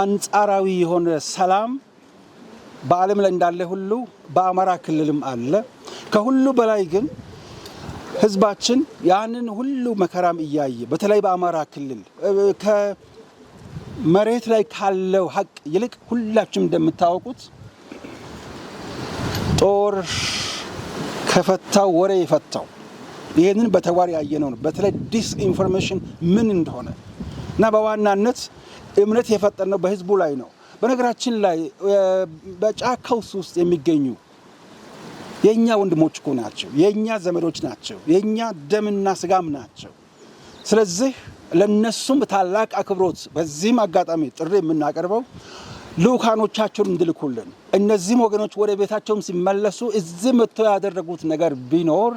አንጻራዊ የሆነ ሰላም በዓለም ላይ እንዳለ ሁሉ በአማራ ክልልም አለ። ከሁሉ በላይ ግን ህዝባችን ያንን ሁሉ መከራም እያየ በተለይ በአማራ ክልል ከመሬት ላይ ካለው ሀቅ ይልቅ ሁላችሁም እንደምታወቁት ጦር ከፈታው ወሬ የፈታው ይህንን በተግባር ያየነው ነው። በተለይ ዲስኢንፎርሜሽን ምን እንደሆነ እና በዋናነት እምነት የፈጠነው በህዝቡ ላይ ነው። በነገራችን ላይ በጫካውስ ውስጥ የሚገኙ የእኛ ወንድሞች እኮ ናቸው፣ የእኛ ዘመዶች ናቸው፣ የእኛ ደምና ስጋም ናቸው። ስለዚህ ለነሱም ታላቅ አክብሮት በዚህም አጋጣሚ ጥሪ የምናቀርበው ልኡካኖቻቸውን እንድልኩልን እነዚህም ወገኖች ወደ ቤታቸውም ሲመለሱ እዚህ መጥተው ያደረጉት ነገር ቢኖር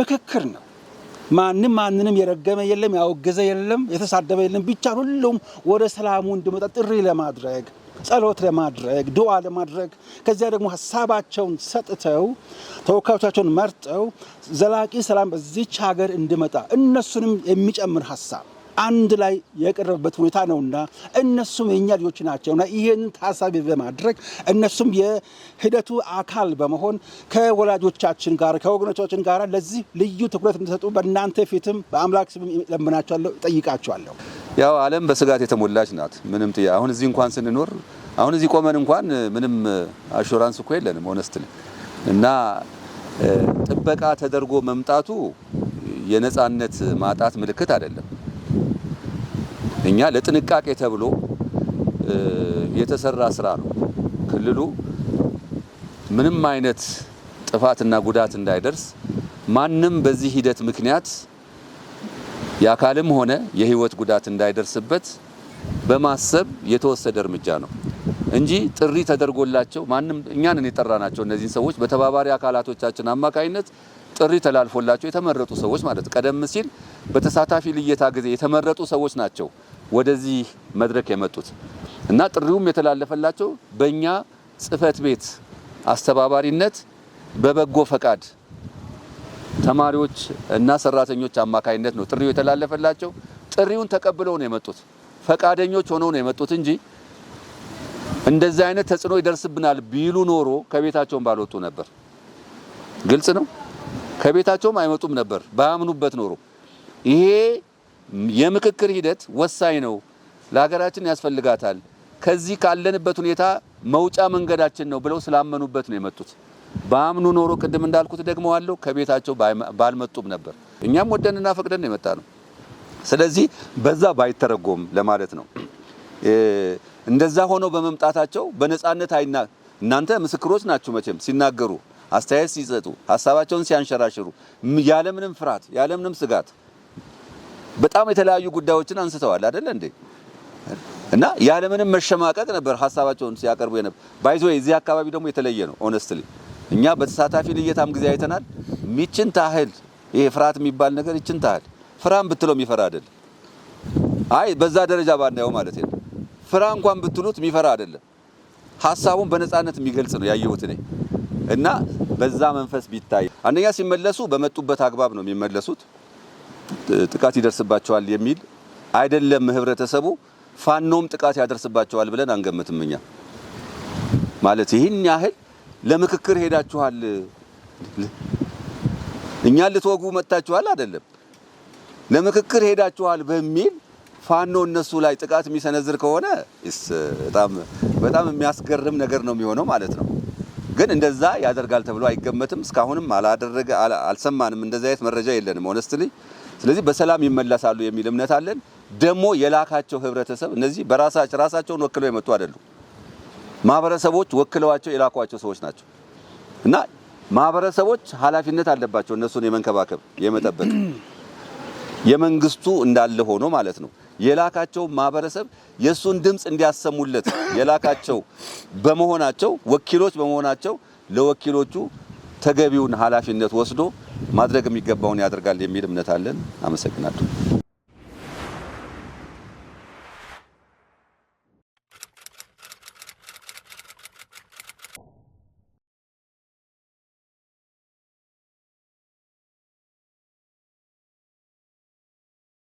ምክክር ነው። ማንም ማንንም የረገመ የለም፣ ያወገዘ የለም፣ የተሳደበ የለም። ብቻ ሁሉም ወደ ሰላሙ እንዲመጣ ጥሪ ለማድረግ ጸሎት ለማድረግ ድዋ ለማድረግ ከዚያ ደግሞ ሀሳባቸውን ሰጥተው ተወካዮቻቸውን መርጠው ዘላቂ ሰላም በዚች ሀገር እንዲመጣ እነሱንም የሚጨምር ሀሳብ አንድ ላይ የቀረበበት ሁኔታ ነውና እነሱም የእኛ ልጆች ናቸውና ይህን ታሳቢ በማድረግ እነሱም የሂደቱ አካል በመሆን ከወላጆቻችን ጋር ከወገኖቻችን ጋር ለዚህ ልዩ ትኩረት እንዲሰጡ በእናንተ ፊትም በአምላክ ስም ለምናቸዋለሁ፣ ጠይቃቸዋለሁ። ያው ዓለም በስጋት የተሞላች ናት። ምንም ጥያ አሁን እዚህ እንኳን ስንኖር አሁን እዚህ ቆመን እንኳን ምንም አሹራንስ እኮ የለንም ሆነስት እና ጥበቃ ተደርጎ መምጣቱ የነፃነት ማጣት ምልክት አይደለም። እኛ ለጥንቃቄ ተብሎ የተሰራ ስራ ነው። ክልሉ ምንም አይነት ጥፋትና ጉዳት እንዳይደርስ ማንም በዚህ ሂደት ምክንያት የአካልም ሆነ የህይወት ጉዳት እንዳይደርስበት በማሰብ የተወሰደ እርምጃ ነው እንጂ ጥሪ ተደርጎላቸው ማንም እኛን የጠራ ናቸው። እነዚህን ሰዎች በተባባሪ አካላቶቻችን አማካኝነት ጥሪ ተላልፎላቸው የተመረጡ ሰዎች ማለት ቀደም ሲል በተሳታፊ ልየታ ጊዜ የተመረጡ ሰዎች ናቸው ወደዚህ መድረክ የመጡት እና ጥሪውም የተላለፈላቸው በእኛ ጽህፈት ቤት አስተባባሪነት በበጎ ፈቃድ ተማሪዎች እና ሰራተኞች አማካይነት ነው ጥሪው የተላለፈላቸው። ጥሪውን ተቀብለው ነው የመጡት፣ ፈቃደኞች ሆነው ነው የመጡት እንጂ እንደዚህ አይነት ተጽዕኖ ይደርስብናል ቢሉ ኖሮ ከቤታቸውም ባልወጡ ነበር። ግልጽ ነው። ከቤታቸውም አይመጡም ነበር ባያምኑበት ኖሮ ይሄ የምክክር ሂደት ወሳኝ ነው፣ ለሀገራችን ያስፈልጋታል፣ ከዚህ ካለንበት ሁኔታ መውጫ መንገዳችን ነው ብለው ስላመኑበት ነው የመጡት። በአምኑ ኖሮ ቅድም እንዳልኩት ደግሞ አለው ከቤታቸው ባልመጡም ነበር። እኛም ወደንና ፈቅደን የመጣ ነው። ስለዚህ በዛ ባይተረጎም ለማለት ነው። እንደዛ ሆነው በመምጣታቸው በነጻነት አይና እናንተ ምስክሮች ናችሁ። መቼም ሲናገሩ፣ አስተያየት ሲሰጡ፣ ሀሳባቸውን ሲያንሸራሽሩ ያለምንም ፍርሃት ያለምንም ስጋት በጣም የተለያዩ ጉዳዮችን አንስተዋል አይደል እንዴ? እና ያለምንም መሸማቀቅ ነበር ሀሳባቸውን ሲያቀርቡ የነበር። ባይዞ እዚህ አካባቢ ደግሞ የተለየ ነው። ኦነስትሊ እኛ በተሳታፊ ልየታም ጊዜ አይተናል። ሚችን ታህል ይሄ ፍርሃት የሚባል ነገር ይችን ታህል ፍራም ብትለው የሚፈራ አይደለም። አይ በዛ ደረጃ ባናየው ማለት ነው። ፍራ እንኳን ብትሉት የሚፈራ አይደለም። ሀሳቡን በነፃነት የሚገልጽ ነው ያየሁት እኔ እና በዛ መንፈስ ቢታይ አንደኛ ሲመለሱ በመጡበት አግባብ ነው የሚመለሱት። ጥቃት ይደርስባቸዋል የሚል አይደለም። ህብረተሰቡ ፋኖም ጥቃት ያደርስባቸዋል ብለን አንገምትም። እኛ ማለት ይህን ያህል ለምክክር ሄዳችኋል፣ እኛ ልትወጉ መጥታችኋል አይደለም፣ ለምክክር ሄዳችኋል በሚል ፋኖ እነሱ ላይ ጥቃት የሚሰነዝር ከሆነ በጣም በጣም የሚያስገርም ነገር ነው የሚሆነው ማለት ነው። ግን እንደዛ ያደርጋል ተብሎ አይገመትም። እስካሁንም አላደረገ አልሰማንም። እንደዚህ አይነት መረጃ የለንም ሆነስትሊ ስለዚህ በሰላም ይመለሳሉ የሚል እምነት አለን። ደግሞ የላካቸው ህብረተሰብ እነዚህ በራሳቸው ራሳቸውን ወክለው የመጡ አይደሉም። ማህበረሰቦች ወክለዋቸው የላኳቸው ሰዎች ናቸው እና ማህበረሰቦች ኃላፊነት አለባቸው እነሱን የመንከባከብ የመጠበቅ የመንግስቱ እንዳለ ሆኖ ማለት ነው። የላካቸው ማህበረሰብ የእሱን ድምፅ እንዲያሰሙለት የላካቸው በመሆናቸው ወኪሎች በመሆናቸው ለወኪሎቹ ተገቢውን ኃላፊነት ወስዶ ማድረግ የሚገባውን ያደርጋል የሚል እምነት አለን። አመሰግናለሁ።